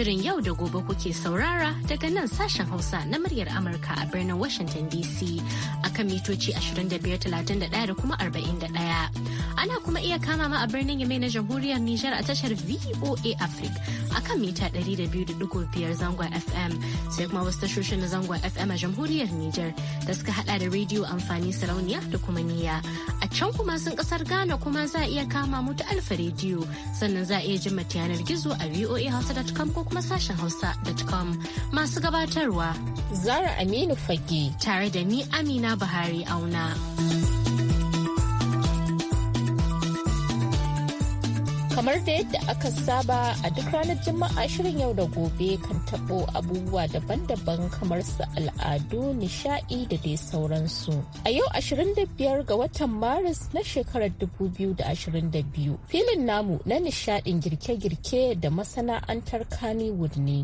Shirin yau da gobe kuke saurara daga nan sashen Hausa na muryar Amurka a birnin Washington DC akan mitoci 2531 da kuma 41. Ana kuma iya kama ma a birnin Yamai na Jamhuriyar Nijar a tashar VOA Africa akan mita 200.5 zangon FM sai kuma wasu tashoshin na zangon FM a jamhuriyar Nijar da suka hada da rediyo amfani sarauniya da kuma niya. A can kuma sun kasar Ghana kuma za a iya kama mutu alfa rediyo sannan za a iya jin mata yanar gizo a voahausa.com ko kuma sashen hausa.com masu gabatarwa. Zara Aminu Fage. Tare da ni Amina Buhari auna. Kamar da yadda aka saba a duk ranar Juma'a shirin yau da gobe kan taɓo abubuwa daban-daban kamar su al'adu, nishaɗi da dai sauransu. A yau 25 ga watan Maris na shekarar 2022 filin namu na nishaɗin girke-girke da masana'antar Kannywood ne.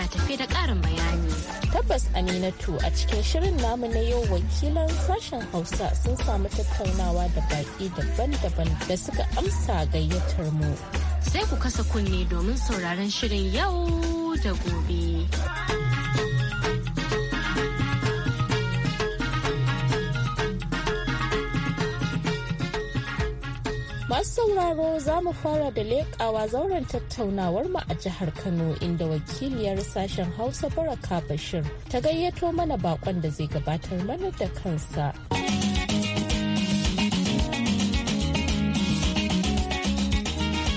na tafe da ƙarin bayani. Tabbas Aminatu a cikin shirin namu na yau wakilan sashen Hausa sun samu tattaunawa da baƙi daban-daban da suka amsa gayyatar mu. Sai ku kasa kunne domin sauraron shirin yau da gobe. Masu sauraro za mu fara da leƙawa zauren tattaunawar mu a jihar Kano inda wakiliyar sashen Hausa Baraka Bashir ta gayyato mana bakon da zai gabatar mana da kansa.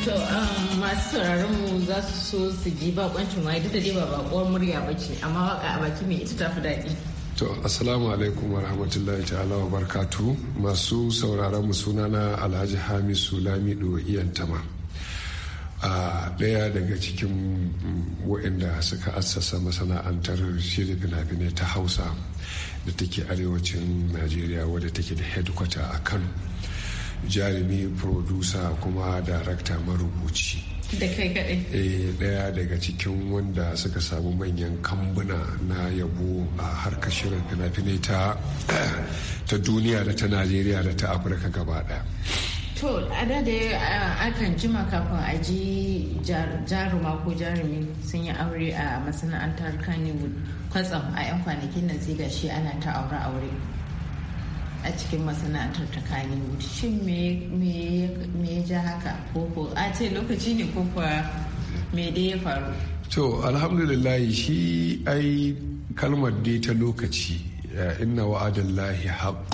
To ah, masu sauraron mu za su so su ji bakoncin ma duk da dai ba bakuwar murya ce amma waka a baki mai ita tafi daɗi. To, Assalamu alaikum wa rahmatullahi ta'ala wa barkatu masu sauraron mu sunana Alhaji Hamisu Lamido tama A ɗaya daga cikin waɗanda suka assasa masana'antar shirin fina-finai ta Hausa da take arewacin Najeriya wadda take da headquarter a Kano. Jarumi, producer kuma darakta marubuci. da kai kaɗai eh, ɗaya daga cikin wanda suka samu manyan kambuna na yabo a harkar shirin fina-finai ta ta duniya da ta najeriya da ta afirka gaba ɗaya to a da akan jima kafin a ji jaruma ko jarumi sun yi aure a masana'antar kannywood kwatsam a 'yan kwanakin nan sai gashi ana ta aure-aure a cikin masana'antar ta kaniwood shin me ya ja haka koko a ce lokaci ne ko kuwa me dai ya faru to alhamdulillah shi ai kalmar dai ta lokaci eh, inna wa'adallahi haqq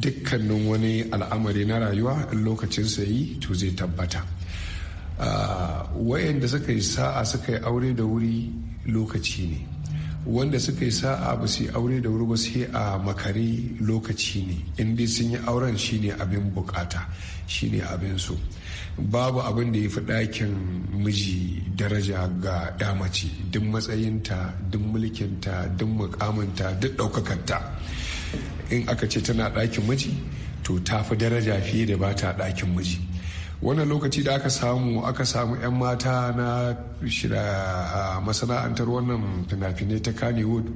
dukkanin wani al'amari na rayuwa in lokacinsa yi to zai tabbata ah, wayanda suka yi sa'a suka yi aure da wuri lokaci ne wanda suka yi sa'a ba su yi aure da wuri ba sai a makare lokaci ne in sun yi auren shine abin bukata shine abin so babu abin da ya fi ɗakin miji daraja ga ɗa mace duk matsayinta duk mulkinta duk mukaminta duk ɗaukakanta in aka ce tana ɗakin miji to ta fi daraja fiye da ba ta ɗakin miji wannan lokaci da aka samu aka samu 'yan mata na shida a masana'antar wannan fina-finai ta kannywood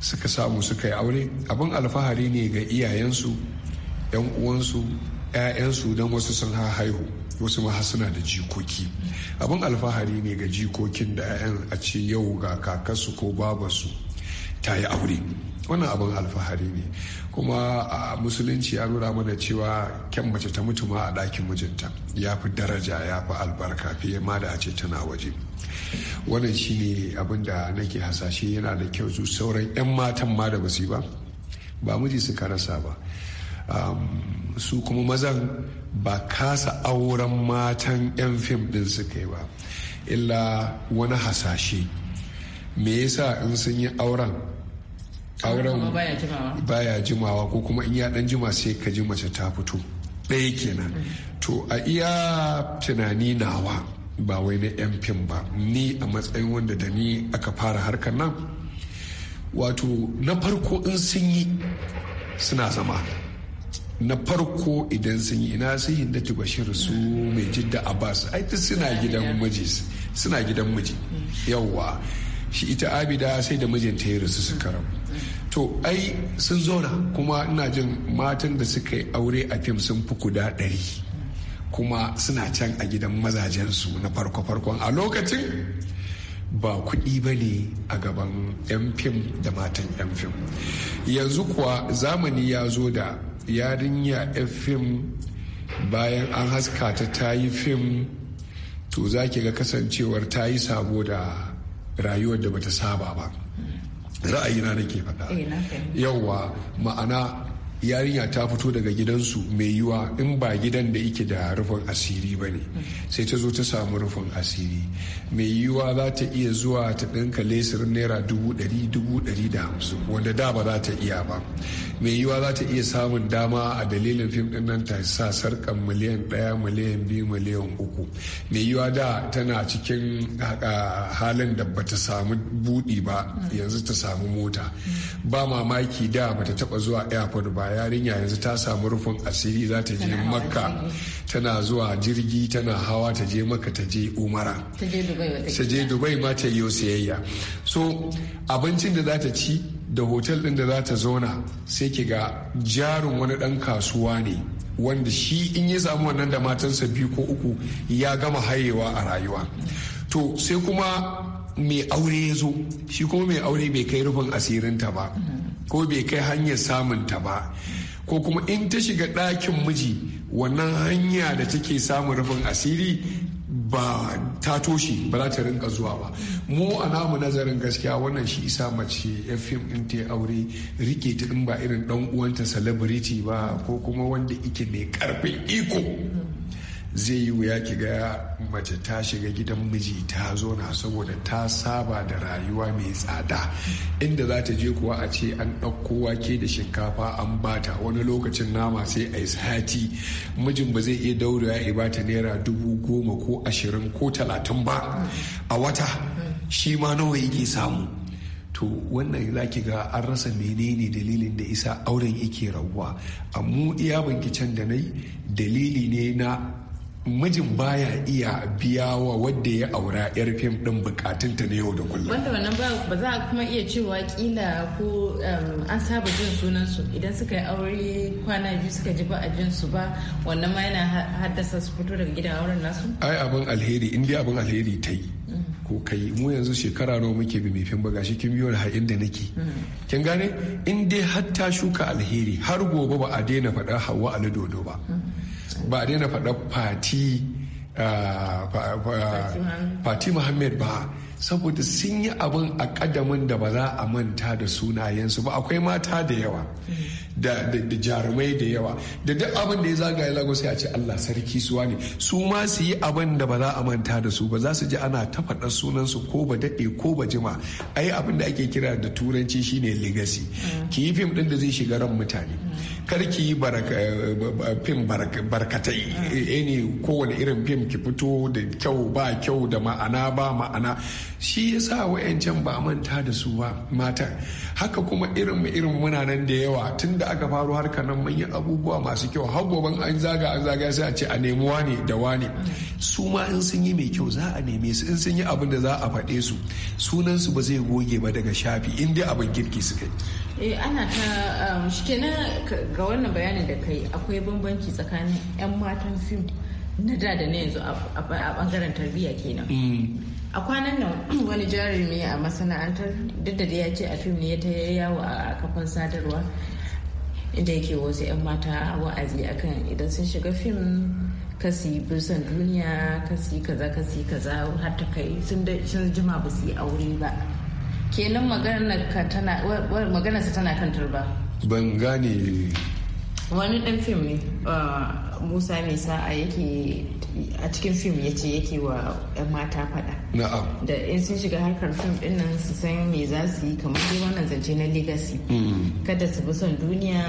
suka samu suka yi aure abin alfahari ne ga iyayensu 'yan uwansu 'ya'yansu don wasu sun haihu wasu ma suna da jikoki abin alfahari ne ga jikokin da 'ya'yan a ce yau ga kakarsu ko babasu ta yi aure wannan abin alfahari ne kuma a musulunci ya nuna mana cewa kyan mace ta mutu ma a ɗakin mijinta ya fi daraja ya fi albarka fiye ma da a ce tana waje wannan shine abin da nake hasashe yana da kyau su sauran 'yan matan ma da basu ba ba miji suka rasa ba su kuma mazan ba kasa auren matan 'yan fim din suka yi ba illa wani hasashe me yasa in sun yi auren auren baya jimawa ko kuma in ya dan jima sai ka ji mace ta fito ɗaya kenan to a iya tunani nawa ba wai na yan fim ba ni a matsayin wanda da ni aka fara harkar nan wato na farko in sun yi suna zama na farko idan sun yi ina sun yi dati bashir su mai jidda abbas bas aiki suna gidan miji suna gidan miji yawwa shi ita abida sai da mijinta ya rasu su karamu to ai sun zauna kuma ina jin matan da suka yi aure a fim sun fi guda ɗari kuma suna can a gidan mazajensu na farko-farkon a lokacin ba kuɗi ba ne a gaban 'yan fim da matan 'yan fim yanzu kuwa zamani ya zo da yarinya 'yan fim bayan an haska ta ta yi fim to za ga kasancewar ta yi sabo da rayuwar da bata saba ba da. ra'ayina nake faɗa eh, yauwa ma'ana yarinya ta fito daga gidansu mai yiwa in ba gidan da yake da rufin asiri ba ne sai ta zo ta samu rufin asiri mai yiwa za ta iya zuwa ta ɗinka lesirin naira dubu ɗari dubu ɗari da hamsin wanda da ba za ta iya ba mai yiwa za ta iya samun dama a dalilin fim ɗin nan ta sa sarkar miliyan ɗaya miliyan biyu miliyan uku mai yiwa da tana cikin halin da ba ta samu buɗi ba yanzu ta samu mota ba mamaki da ba ta taɓa zuwa airport ba yarinya yanzu ta samu rufin asiri za ta je makka tana zuwa jirgi tana hawa ta je makka ta je umara ta je dubai ma ta yi siyayya so abincin da za ta ci da hotel din da za ta zauna sai ki ga jarin wani dan kasuwa ne wanda shi in ya samu wannan da matansa biyu ko uku ya gama hayewa a rayuwa to sai kuma mai aure ya zo shi kuma mai aure bai kai rufin asirinta ba mm-hmm. ko bai kai hanyar samun ta ba ko kuma in ta shiga ɗakin miji wannan hanya da take samun rufin asiri ba ta toshe ba za ta rinka zuwa ba mu a namu nazarin gaskiya wannan shi isa mace ya fim in ta yi aure rike ta in ba irin dan uwanta celebrity ba ko kuma wanda ike mai karfin iko zai yi wuya ki ga mace ta shiga gidan miji ta zona saboda ta saba da rayuwa mai tsada inda za ta je kuwa a ce an ɗauko wake da shinkafa an bata wani lokacin nama sai a yi sati mijin ba zai iya daura ya bata naira dubu goma ko ashirin ko talatin ba a wata shi ma nawa yake samu to wannan za ki ga an rasa menene dalilin da isa auren yake rabuwa amma iya iya can da nai dalili ne na mijin baya iya biya wa wadda ya aura yar fim din bukatun ta na yau da kullum wanda wannan ba za a kuma iya cewa kila ko um, an saba jin sunan su idan suka yi aure kwana biyu suka ji ba a jin su ba wannan ma yana haddasa su fito daga gidan auren nasu ai abin alheri in dai abin alheri ta yi mm. ko kai mu yanzu shekara nawa muke bi mai fim ba gashi kin biyo har inda nake mm. kin gane in dai hatta shuka alheri har gobe ba a daina faɗa hawa a dodo ba mm. ba a daina faɗa fati ah, fati ba saboda sun yi abin a kadamin da ba za a manta da sunayensu ba akwai mata da yawa da jarumai da yawa da duk abin da ya zagaye lagos sai a ce allah sarki suwa ne su ma su yi abin da ba za a manta da su ba za su ji ana ta faɗa sunansu ko ba daɗe ko ba jima ai abin da ake kira da turanci shine legacy hmm. ki yi fim ɗin da zai shiga ran mutane hmm. karki yi eh, fim barkatai eh, eh, ne kowane irin fim ki fito da kyau ba kyau da ma'ana ba ma'ana shi ya sa wayancan ba manta da su ba matan haka kuma irin irin muna nan da yawa tun da aka faru harka nan manyan abubuwa masu kyau har goban an zaga an zaga sai a ce a nemi wane da wane su ma in sun yi mai kyau za a neme su in sun yi abin da za a faɗe su sunan su ba zai goge ba daga shafi in dai abin kirki suka yi eh ana ta um, shikenan ga wannan bayanin da kai akwai bambanci tsakanin 'yan matan fim na da da na yanzu a bangaren tarbiyya kenan mm. a kwanan nan wani jarumi a masana'antar duk da ya ce a fim ne ya ta yawo a kafan sadarwa inda yake wasu 'yan mata wa'azi akan idan sun shiga fim kasi bisan duniya kasi kaza kasi kaza har ta kai sun jima ba su yi aure ba kenan maganarsa tana tana kan turba ban gane wani dan fim ne uh, musa mai sa'a yake a cikin fim ya ce yake wa 'yan mata fada da in sun shiga harkar fim din nan su san me za su yi kamar dai wannan zance na legacy mm. kada su bi son duniya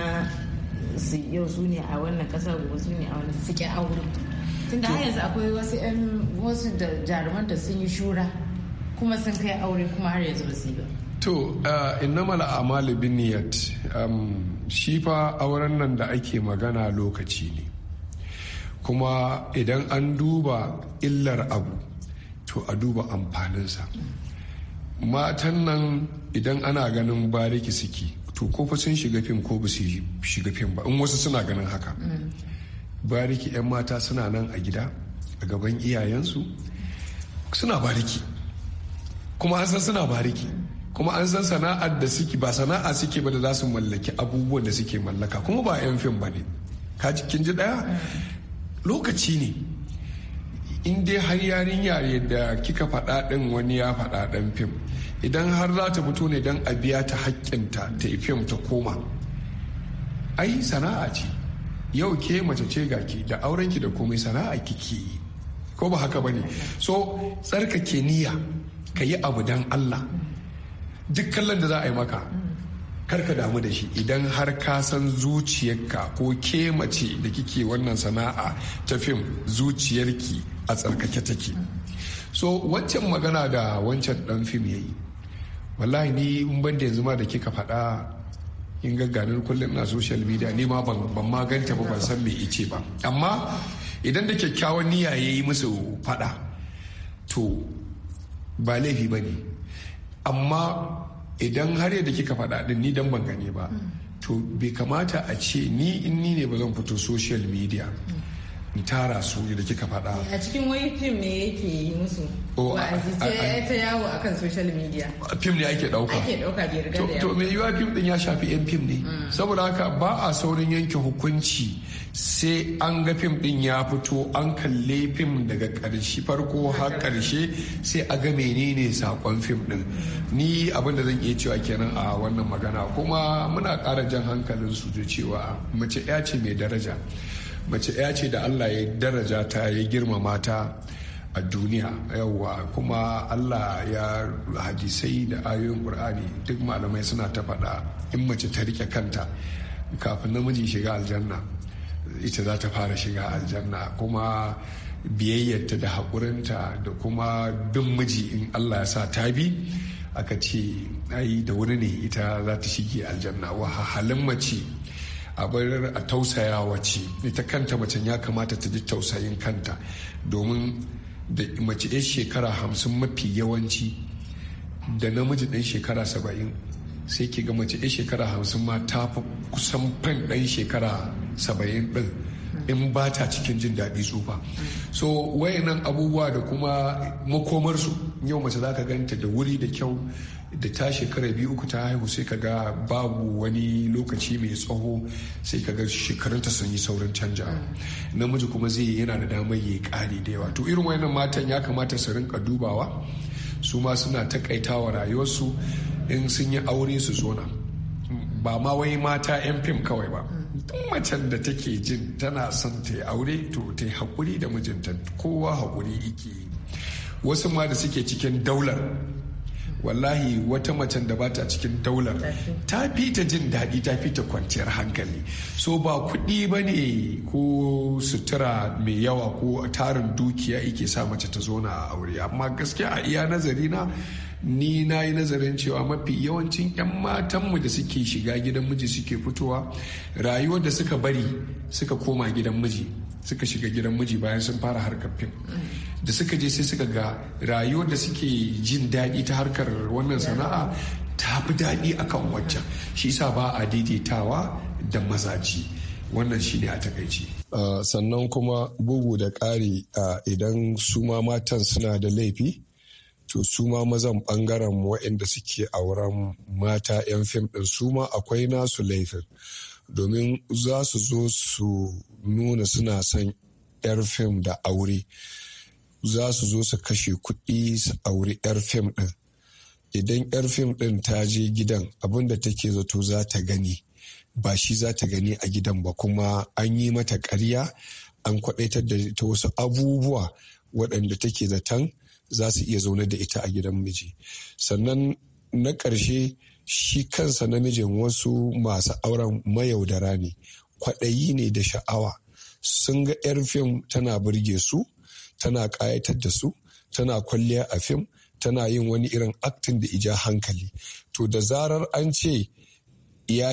su yau su ne a wannan kasa gobe su ne a wannan suke aure tun da yanzu akwai wasu 'yan wasu da jaruman da sun yi shura kuma sun kai aure kuma har yanzu ba su yi ba to uh, a malibin niyat, um, shi fa auren nan da ake magana lokaci ne kuma idan an duba illar abu to a duba amfaninsa matan nan idan ana ganin bariki suke to ko fa sun shiga fim ko ba su shiga fim ba in wasu suna ganin haka mm. bariki 'yan mata suna nan a gida a gaban iyayensu suna bariki kuma an san suna bariki kuma an san sana'ar da suke ba sana'a suke ba da za su mallaki abubuwan da suke mallaka kuma ba 'yan fim ba ne ka kin ji daya lokaci ne in dai har yarinya yadda kika faɗa ɗin wani ya faɗa ɗan fim idan har za ta fito ne don a biya ta hakkinta ta yi fim ta koma ai sana'a ce yau ke mace ce ga ke da aurenki da komai sana'a kike yi ko ba haka ba ne so tsarkake niyya ka yi abu dan Allah duk kallon da za a yi maka karka damu da shi idan har ka san zuciyarka ko ke mace da kike wannan sana'a ta fim zuciyarki a tsarkake take so wancan magana da wancan dan fim yayi yi wallahi ni in ban da yanzu ma da kika faɗa in gagganin kullum na social media ni ma ban maganta ba ban san me ice ba amma idan da kyakkyawan niyya ya yi musu faɗa to ba laifi ba ne amma idan har yadda kika faɗa ɗin ni dan ban gane ba mm. to bai kamata a ce ni in ni ne ba zan fito social media in tara su yadda kika faɗa. A cikin wani fim ne yake yi musu. Wa'azi ta yawo akan social media. Fim ne ake ɗauka. Ake ɗauka bai riga da yawo. To mai yiwa fim din ya shafi 'yan fim ne. Mm. Saboda haka ba a saurin yanke hukunci sai an ga fim din ya fito an kalle fim daga karshe farko har karshe sai a ga menene sakon fim din ni abinda zan iya cewa kenan a wannan magana kuma muna kara jan hankalin su je cewa mace ya ce mai daraja mace ya ce da allah ya daraja ta ya girmama ta a duniya yawwa kuma allah ya hadisai da ayoyin qur'ani duk malamai suna ta faɗa in mace ta rike kanta kafin namiji shiga aljanna ita za ta fara shiga aljanna kuma biyayyarta da haƙurinta da kuma bin miji in allah ya sa ta bi aka ce ai da wuri ne ita za ta shige aljanna wa halin mace a bar a tausaya wace ita kanta macen ya kamata ta ji tausayin kanta domin da mace 'yan shekara hamsin mafi yawanci da namiji ɗan shekara saba'in sai ki ga mace ɗan shekara hamsin ma ta fi kusan fan ɗan shekara saba'in din in ba ta cikin jin daɗi tsufa so wayannan abubuwa da kuma makomarsu yau mace za ka ganta da wuri da kyau da ta shekara biyu uku ta haihu sai ka ga babu wani lokaci mai tsawo sai ka ga shekarunta sun yi saurin canja namiji kuma zai yana da damar ya ƙari da yawa to irin wayannan matan ya kamata su rinka dubawa su ma suna takaitawa rayuwarsu in sun yi aure su zona ba ma wai mata 'yan fim kawai ba duk macen da take jin tana son ta yi aure to ta yi haƙuri da mijinta kowa haƙuri yake yi wasu ma da suke cikin daular wallahi wata macen da bata cikin daular ta fi ta jin daɗi ta fi ta kwanciyar hankali so ba kuɗi ba ne ko sutura mai yawa ko tarin dukiya ike sa mace ta zo na aure amma gaskiya a iya nazari na ni na yi nazarin cewa mafi yawancin 'yan matanmu da suke shiga gidan miji suke fitowa rayuwar da suka bari suka koma gidan miji suka shiga gidan miji bayan sun fara harkar fim da suka je sai suka ga rayuwar da suke jin daɗi ta harkar wannan sana'a ta fi daɗi akan waccan shi sa ba a daidaitawa da mazaji wannan shi ne a takaici. Ah, sannan kuma bugu da ƙari ah, idan su matan suna da laifi to su ma mazan bangaren waɗanda suke auren mata 'yan fim ɗin su ma akwai nasu laifin domin za su zo su nuna suna son 'yar fim da aure za su zo su kashe kuɗi su auri 'yar fim ɗin idan 'yar fim ɗin ta je gidan abinda take zato za ta gani ba shi za ta gani a gidan ba kuma an yi mata ƙarya an kwaɗaitar da ta wasu abubuwa waɗanda take zaton za su iya zaune da ita a gidan miji sannan na ƙarshe shi kansa namijin wasu masu auren mayaudara ne kwaɗayi ne da sha'awa sun ga 'yar fim tana burge su tana ƙayatar da su tana kwalliya a fim tana yin wani irin aktin da ija hankali to da zarar an ce ya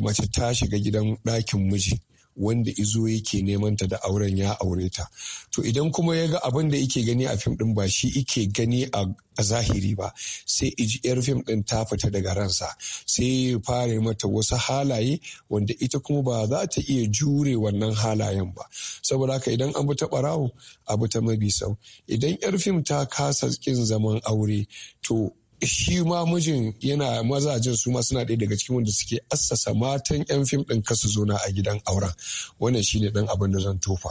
mace ta shiga gidan ɗakin miji wanda izo yake neman ta da auren ya aure ta to idan kuma ya ga abin da yake gani a fim din ba shi yake gani a zahiri ba sai iji yar fim din ta fita daga ransa sai ya fara mata wasu halaye wanda ita kuma ba za ta iya jure wannan halayen ba saboda haka idan an ta barawo abu ta mabi sau idan yar fim ta kasa kin zaman aure to shi ma mijin yana mazajen su ma suna ɗaya daga cikin wanda suke assasa matan 'yan fim ɗin kasu zona a gidan auren wannan shine ɗan abin da zan tofa.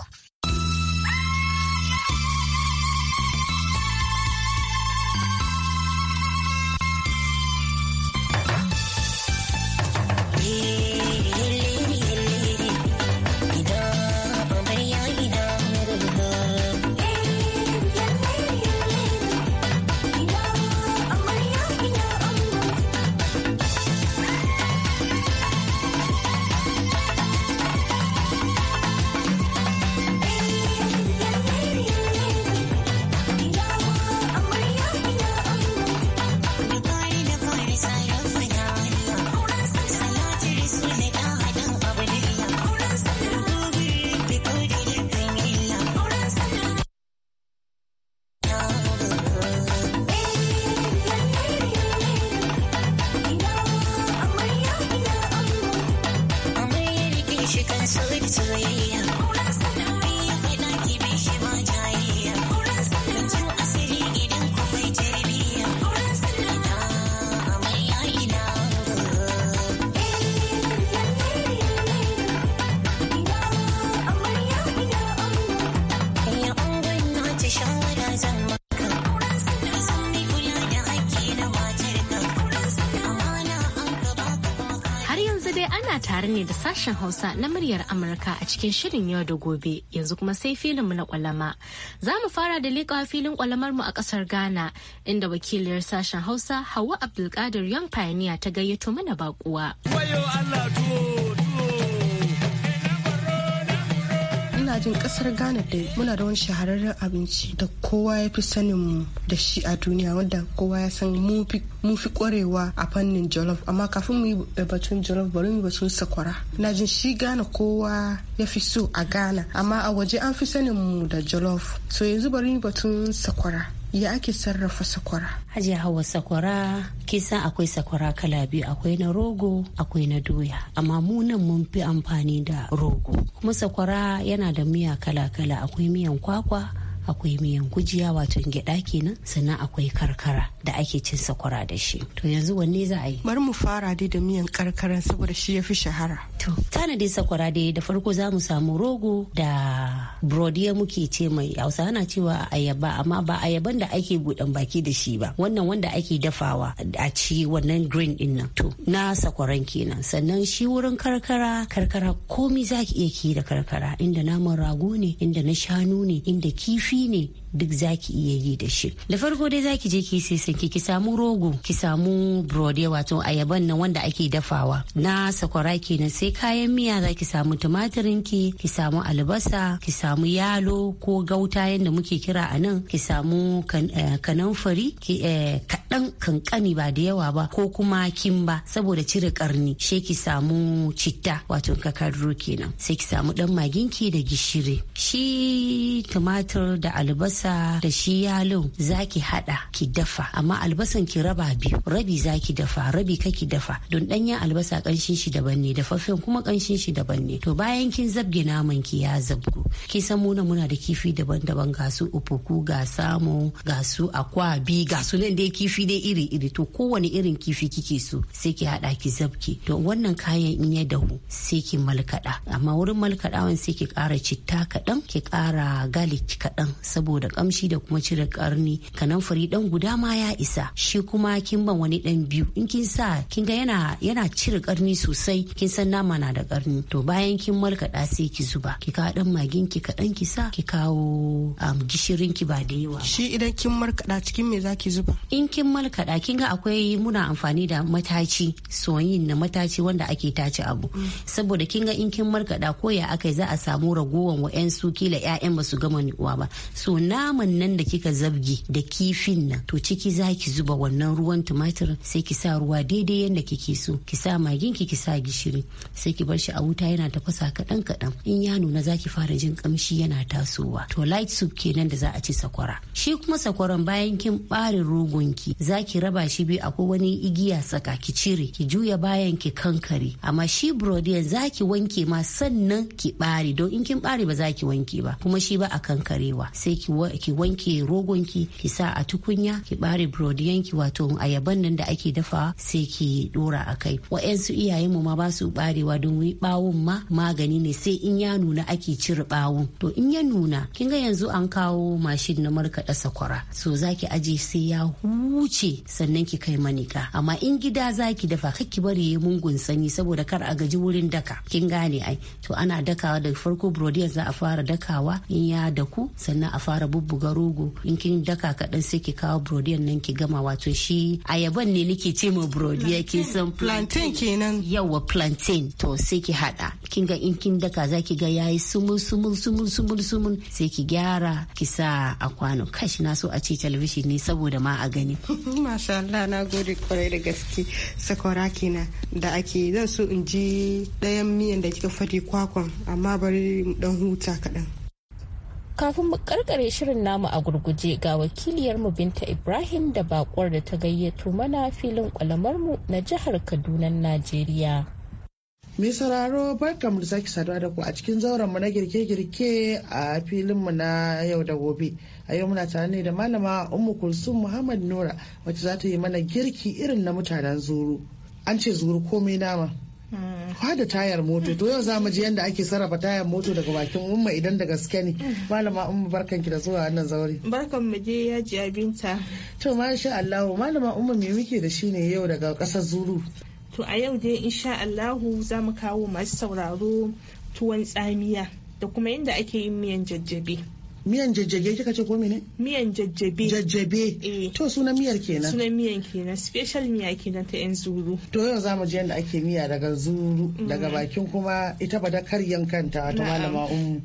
sashen Hausa na muryar Amurka a cikin shirin yau da gobe yanzu kuma sai filinmu na kwalama. Za mu fara da leƙawa filin kwalamar mu a ƙasar Ghana inda wakiliyar sashen Hausa Hauwa Abdulkadir Young Pioneer ta gayyato mana baƙuwa. Bayo Allah ajin kasar ghana da muna da wani shahararren abinci da kowa ya fi sanin mu da shi a duniya wanda kowa ya san mu fi kwarewa a fannin jollof amma kafin mu yi batun jollof bari mu batun sakwara na jin shi ghana kowa ya fi so a ghana amma a waje an fi sanin mu da jollof so yanzu bari mu batun sakwara ya ake sarrafa sakwara hajiya hawa sakwara kisa akwai sakwara kala biyu akwai na rogo akwai na doya amma mu nan mun fi amfani da rogo kuma sakwara yana da miya kala kala akwai miyan kwakwa akwai miyan gujiya wato gyada kenan sannan akwai karkara da ake cin sakwara da shi to yanzu wanne za a yi bari mu fara dai da miyan karkara saboda shi ya fi shahara to tanadin sakwara dai da farko za mu samu rogo da brodiya muke ce mai hausa ana cewa ayaba amma ba ayaban da ake buɗan baki da shi ba wannan wanda ake dafawa a ci wannan green din nan to na sakwaran kenan sannan shi wurin karkara karkara komi zaki iya ki da karkara inda naman rago ne inda na shanu ne inda kifi shine duk zaki iya yi da shi da farko dai zaki je ki sai ki ki samu rogo ki samu brode wato ayaban nan wanda ake dafawa na sakwara kenan sai kayan miya zaki samu tumatirin ki ki samu albasa ki samu yalo ko gauta yanda muke kira a nan ki samu eh, kanamfari eh, kaɗan kankani ba da yawa ba ko kuma kimba saboda cire karni sai ki samu citta wato kakarro kenan sai ki samu dan maginki da gishiri shi tumatir da albasa albasa da shi yalo zaki hada ki dafa amma albasan ki raba biyu rabi zaki dafa rabi kaki dafa don danyen albasa kanshin shi daban ne dafaffen kuma kanshin shi daban ne to bayan kin zabge naman ki ya zabgu ki san muna muna da kifi daban-daban ga su ufuku ga samu ga su akwabi ga su nan dai kifi dai iri-iri to kowane irin kifi kike so sai ki haɗa ki zabke to wannan kayan in ya dahu sai ki malkaɗa amma wurin malkaɗawan sai ki kara citta kaɗan ki kara galik kaɗan saboda da kamshi da kuma cire karni kanamfari dan guda ma ya isa shi kuma kin ban wani dan biyu in kin sa kin ga yana yana cire karni sosai kin san nama na da karni to bayan kin malkaɗa sai ki zuba ki kawo dan magin ki kaɗan ki sa ki kawo um, gishirin ki ba da yawa shi idan kin markaɗa cikin me zaki zuba in kin malkaɗa kin ga akwai muna amfani da mataci soyin na mataci wanda ake tace abu saboda kin ga in kin markaɗa ko ya akai za a samu ragowan su kila ƴaƴan ba su gama ni'uwa ba so na naman nan da kika zabge da kifin nan to ciki za ki zuba wannan ruwan tumatir sai ki sa ruwa daidai yadda kike so ki sa magin ki sa gishiri sai ki bar shi a wuta yana tafasa kaɗan kaɗan in ya nuna za ki fara jin kamshi yana tasowa to light soup kenan da za a ci sakwara shi kuma sakwaran bayan kin ɓare rogon ki za ki raba shi biyu akwai wani igiya saka ki cire ki juya bayan ki kankare amma shi brodiyan za ki wanke ma sannan ki ɓare don in kin bare ba za ki wanke ba kuma shi ba a kankarewa sai ki ki wanke rogonki ki sa a tukunya ki bare brodiyanki wato ayaban nan da ake dafawa sai ki dora a kai wa'yansu iyayen mu ma ba su barewa don bawon ma magani ne sai in ya nuna ake cire bawon to in ya nuna kin ga yanzu an kawo mashin na markaɗa sakwara so zaki aje sai ya huce sannan ki kai manika amma in gida zaki dafa ki bari ya mungun sanyi saboda kar a gaji wurin daka kin gane ai to ana dakawa daga farko brodiyan za a fara dakawa in ya daku sannan a fara bubbuga rogo in kin daka kaɗan sai ki kawo brodiyan nan ki gama wato shi ayaban ne nake ce ma brodiya kin san plantain kenan yawa plantain to sai ki haɗa kin ga in kin daka zaki ga yayi sumul sumul sumul sumul sumul sai ki gyara ki sa a kwano kashi na so a ce talabishin ne saboda ma a gani masha Allah na gode kwarai da gaske sakwara kenan da ake zan so in ji ɗayan miyan da kika fadi kwakwan amma bari dan huta kaɗan Kafin mu karkare shirin namu a gurguje ga wakiliyarmu Binta Ibrahim da bakwar da ta gayyato mana filin kwalamar mu na jihar Kaduna, Najeriya. Mai sauraro barka mu sake saduwa da ku a cikin zauren mu na girke-girke a filin mu na yau da gobe. A yau muna tare ne da malama Ummu Kulsum Muhammad Nura wacce za ta yi mana girki irin na mutanen zuru. An ce zuru komai nama. da tayar moto to yau zamu ji yadda ake sarrafa tayar moto daga bakin umma idan da gaske ne malama umma barkan ki da zuwa wannan zauri barkan mu je ya ji abinta to masha Allahu! malama umma me muke da shi ne yau daga kasar Zuru to a yau dai insha allahu za mu kawo masu sauraro tuwon tsamiya da kuma yadda ake yin miyan jajjabe miyan jajjage kika ce ko mene miyan jajjabe jajjabe eh. to sunan miyar kenan sunan miyan kenan special miya kenan ta yan zuru to yau zamu je yadda ake miya daga zuru daga mm. bakin kuma ita ba da karyan kanta ta malama ummu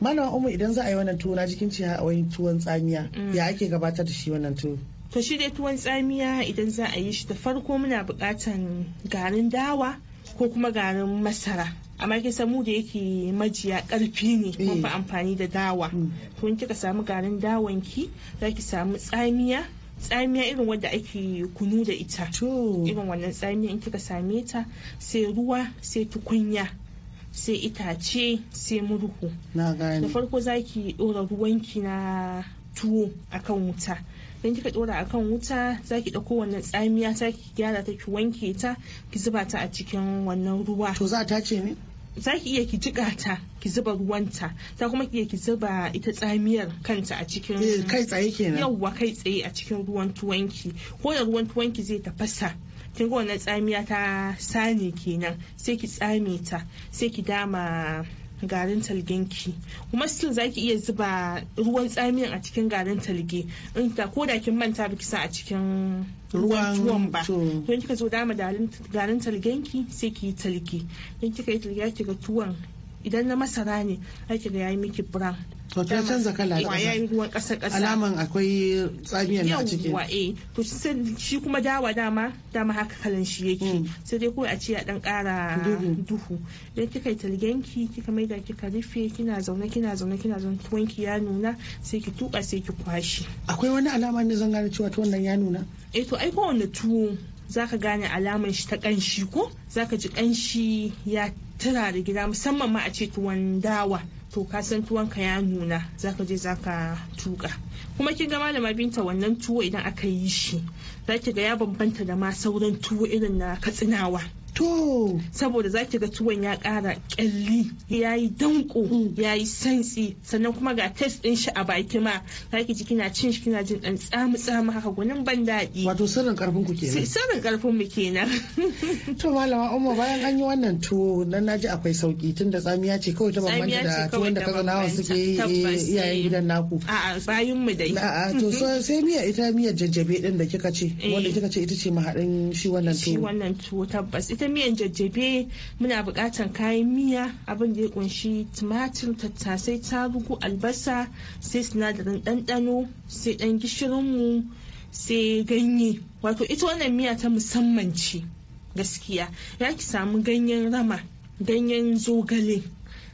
malama ummu idan za a yi wannan tuwo na jikin ci a wani tuwon tsamiya mm. ya ake gabatar da shi wannan tuwo to shi dai tuwon tsamiya idan za a yi shi da farko muna buƙatan garin dawa ko kuma garin masara amma ke san da yake majiya karfi ne kuma eh. fi amfani da dawa hmm. to in kika samu garin dawan ki zaki samu tsamiya tsamiya irin wanda ake kunu da ita irin wannan tsamiya in kika same ta sai ruwa sai tukunya sai itace sai murhu da farko zaki dora ruwanki na tuwo akan wuta idan kika dora akan wuta zaki dauko wannan tsamiya ki gyara ta ki wanke ta ki zuba ta a cikin wannan ruwa to za ta ce ne za ki iya ki jiƙa ta ki zuba ruwanta ta kuma ki iya ki zuba ita tsamiyar kanta a cikin eh, kai tsaye kenan yawwa kai tsaye a cikin ruwan tuwanki ko da ruwan tuwanki zai tafasa kin ga wannan tsamiya ta sani kenan sai ki tsame ta sai ki dama garin ki kuma still ki iya zuba ruwan tsamiyan a cikin garin talge in ta ko da kin manta biki sa a cikin ruwan ba don kika zo dama garin talgen ki sai ki yi talge don kika yi talge kika tuwon idan na masara ne aiki da yayi miki brown to ta canza kala da yayi ruwan kasa kasa alaman akwai tsamiya na cikin. yawa eh to shi kuma dawa dama dama haka kalan shi yake mm. sai dai kuma a ce a dan kara duhu dan kika yi talgenki kika maida kika rufe kina zaune kina zaune kina zaune tuwanki ya nuna sai ki tuka sai ki kwashi akwai wani alama ne zan gane cewa to wannan ya nuna eh to ai kowanne tuwo zaka gane alamar shi ta kanshi ko zaka ji kanshi ya tura da gida musamman ma a ce tuwon dawa to ka san tuwon ka ya nuna zaka je zaka tuka kuma kin ga malama binta wannan tuwo idan aka yi shi zaki ga ya bambanta da ma sauran tuwo irin na katsinawa To. Saboda za ki ga tuwon ya ƙara ƙyalli ya yi danko mm. ya yi santsi sannan kuma ga test ɗin shi a baki ma za ki ji kina cin shi kina jin ɗan tsamu tsamu haka gwanin ban daɗi. Wato sirrin karfin ku kenan. Sirrin karfin mu kenan. To malama Umma bayan an yi wannan tuwo nan naji akwai sauki tunda tsami tsamiya ce kawai ta bambanta da tuwon da nawa suke eh, iyayen eh. gidan naku. A'a bayan mu dai. A'a to sai miya ita miyar jajjabe ɗin da kika ce wanda eh. kika ce ita ce mahadin shi wannan tuwo. Shi wannan tuwo tabbas ita ita miyan jajjabe muna buƙatar kayan miya abin da ya kunshi tumatir tattasai tarugu albasa sai sinadarin ɗanɗano sai ɗan gishirinmu sai ganye wato ita wannan miya ta musamman ce gaskiya ya ki samu ganyen rama ganyen zogale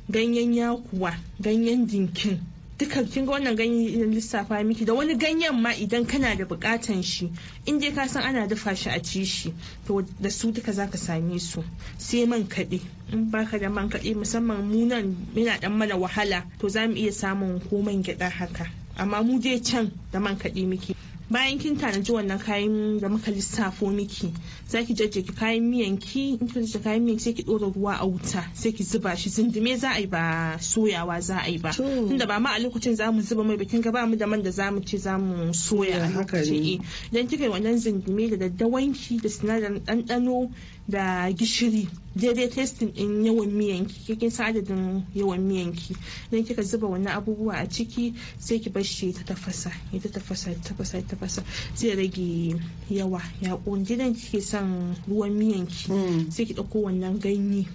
ganyen yakuwa ganyen dinkin dukan kin ga wannan ganye lissafa miki da wani ganyen ma idan kana da bukatan shi in dai ka san ana dafa shi a ci shi to da su duka zaka same su sai man kaɗe in baka da man kaɗe musamman mu nan yana dan mana wahala to za mu iya samun ko man gyaɗa haka amma mu je can da man kaɗe miki. bayan kin tanaji wannan kayan da muka lissafo miki za ki jajjaki kayan miyan ki in kin jajjaki kayan miyan sai ki dora ruwa a wuta sai ki zuba shi zindime za a yi ba soyawa za a yi ba tunda ba ma a lokacin za mu zuba mai bakin ga ba mu da man da za mu ce za mu soya a eh, lokacin eh, idan kika yi wannan zindime da daddawanki da sinadarin ɗanɗano da gishiri daidai testing din yawan miyanki kikin sadadin yawan miyanki don kika zuba wannan abubuwa a ciki sai ki bar shi ta tafasa ya ta tafasa ta tafasa tafasa zai rage yawa ya nan kike son ruwan miyan ki mm. sai ki dauko wannan ganye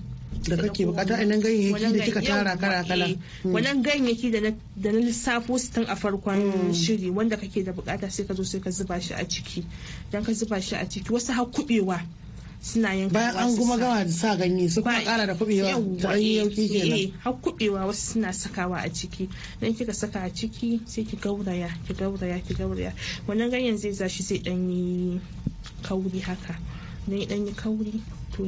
da kake bukata ainihin ganyayyaki da kika tara kala kala eh. mm. wannan ganyayyaki da na lissafo su tun a farkon mm. shiri wanda kake da bukata sai ka zo sai ka zuba shi a ciki dan ka zuba shi a ciki wasu har kubewa suna yanka bayan an kuma gama da sa ganye su kuma kara da kubewa ta yi eh, yauki kenan eh har kubewa wasu suna sakawa a ciki dan kika saka a ciki sai ki gauraya ki gauraya ki gauraya wannan ganyen zai zashi zai dan yi kauri haka dan dan yi kauri to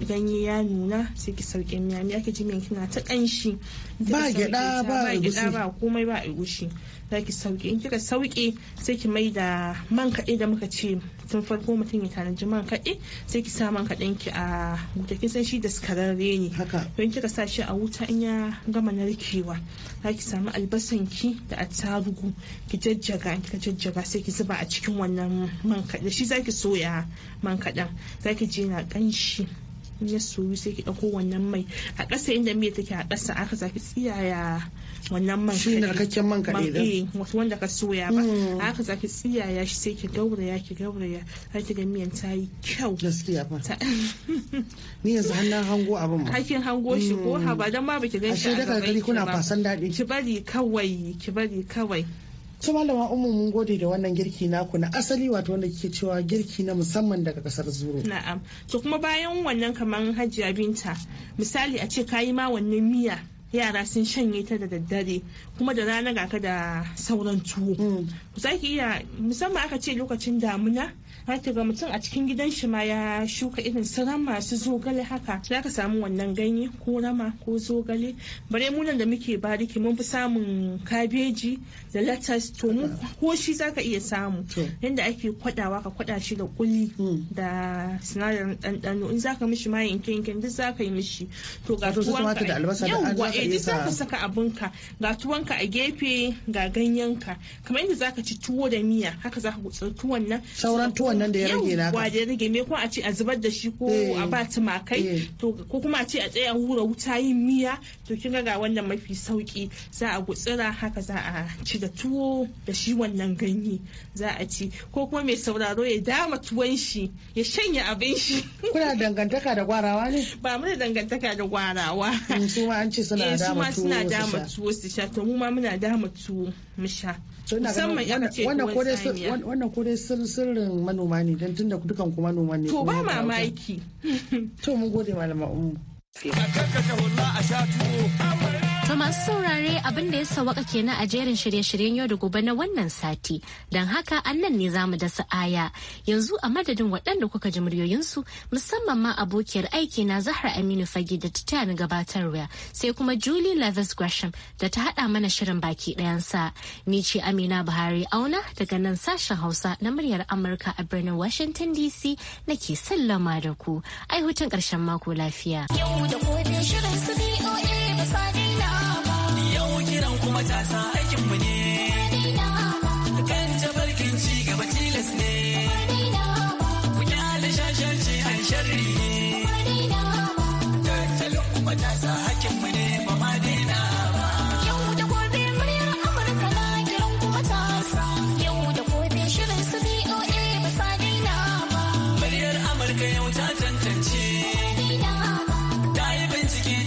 ganye ya nuna sai ki sauke miya miya ki ji min kina ta kanshi ba gida ba gida ba komai ba a gushi za ki sauke in kika sauke sai ki maida man kaɗai da muka ce tun farko mutum ya tanaji man kaɗe sai ki sa man kaɗin ki a wuta kin san shi da skararre ne don kika sa shi a wuta in ya gama narkewa za ki samu albasan ki da attarugu ki jajjaga in jajjaga sai ki zuba a cikin wannan man kaɗe shi za ki soya man kaɗan za ki je na ƙanshi ya soyu sai ki ɗauko wannan mai a ƙasa inda miya take a ƙasa aka za ki tsiyaya wannan man shi na kakken man da eh, wasu wanda ka soya ba hmm. haka za ki ya shi sai ki ya ki ya za ki ga miyan ta yi kyau gaskiya fa ni yanzu hannun hango abin ma hakin hango shi ko hmm. ha ba dan ma baki gan ganshi a gaban kuna fasan daɗi ki bari kawai ki bari kawai to malama umu mun gode da wannan girki naku na asali wato wanda kike cewa girki na musamman daga kasar zuru na'am to kuma bayan wannan kamar hajjia binta misali a ce kayi ma wannan miya yara sun shanye ta da daddare kuma da rana ga ka da sauran tuwo za mm. ki iya musamman aka ce lokacin damuna haka ga mutum a cikin gidan shi ma ya shuka irin su rama su zogale haka za ka samu wannan ganye ko rama ko zogale bare munan da muke bariki mun fi samun kabeji da latas to mu ko shi za ka iya samu yadda ake kwadawa ka kwada shi da kuli hmm. da sinadarin ɗanɗano in za ka mishi ma yanke yanke duk za ka yi mishi to ga tuwanka yawwa eh duk za ka saka abinka ga tuwanka a gefe ga ganyenka kamar yadda za ka ci tuwo da miya haka za ka gutsa tuwon nan sauran tuwon nan da ya rage naka ka ya rage me ko a ce a zubar da shi ko eh, a ba tumakai eh. to ko kuma a ce a tsaya hura wuta yin miya to kin ga wannan mafi sauki za a gutsira haka za a ci da tuwo da shi wannan ganye za a ci ko kuma mai sauraro ya dama tuwon shi ya shanya abin shi kuna dangantaka da gwarawa ne ba mu da dangantaka da gwarawa mm, su ma an ce suna eh, dama tuwo su sha to mu ma muna dama tuwo mu sha musamman ya ce wannan kodai sirrin manoma ne don tunda dukan ku manoma ne. To ba mamaki. To mun gode malama umu. a To masu saurare abin da ya sawaka kenan a jerin shirye-shiryen yau da gobe na wannan sati. Don haka annan ne za mu dasa aya. Yanzu a madadin waɗanda kuka ji muryoyinsu musamman ma abokiyar aiki na Zahra Aminu Fage da ta taya ni gabatarwa sai kuma Julie Levis Gresham da ta haɗa mana shirin baki ɗayansa. Ni ce Amina Buhari Auna daga nan sashen Hausa na muryar Amurka a birnin Washington DC nake sallama da ku. Ai hutun ƙarshen mako lafiya. Yau da shirin